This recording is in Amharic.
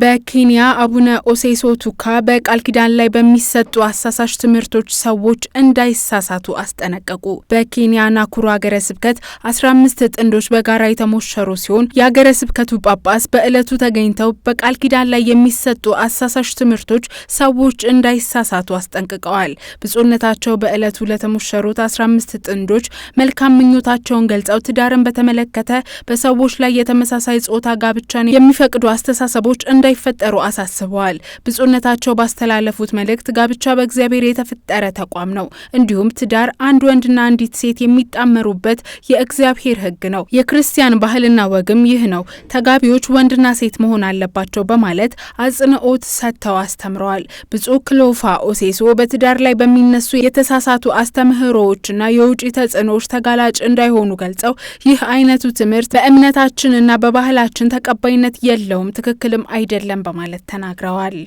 በኬንያ አቡነ ኦሴሶ ቱካ በቃል ኪዳን ላይ በሚሰጡ አሳሳሽ ትምህርቶች ሰዎች እንዳይሳሳቱ አስጠነቀቁ። በኬንያ ናኩሩ ሀገረ ስብከት አስራ አምስት ጥንዶች በጋራ የተሞሸሩ ሲሆን የሀገረ ስብከቱ ጳጳስ በዕለቱ ተገኝተው በቃል ኪዳን ላይ የሚሰጡ አሳሳሽ ትምህርቶች ሰዎች እንዳይሳሳቱ አስጠንቅቀዋል። ብፁዕነታቸው በዕለቱ ለተሞሸሩት አስራ አምስት ጥንዶች መልካም ምኞታቸውን ገልጸው ትዳርን በተመለከተ በሰዎች ላይ የተመሳሳይ ጾታ ጋብቻን የሚፈቅዱ አስተሳሰቦች እንዳይፈጠሩ አሳስበዋል። ብፁዕነታቸው ባስተላለፉት መልእክት ጋብቻ በእግዚአብሔር የተፈጠረ ተቋም ነው። እንዲሁም ትዳር አንድ ወንድና አንዲት ሴት የሚጣመሩበት የእግዚአብሔር ሕግ ነው። የክርስቲያን ባህልና ወግም ይህ ነው። ተጋቢዎች ወንድና ሴት መሆን አለባቸው በማለት አጽንኦት ሰጥተው አስተምረዋል። ብፁዕ ክሎፋ ኦሴሶ በትዳር ላይ በሚነሱ የተሳሳቱ አስተምህሮዎችና የውጭ ተጽዕኖዎች ተጋላጭ እንዳይሆኑ ገልጸው ይህ አይነቱ ትምህርት በእምነታችንና በባህላችን ተቀባይነት የለውም፣ ትክክልም አይደለም አይደለም በማለት ተናግረዋል።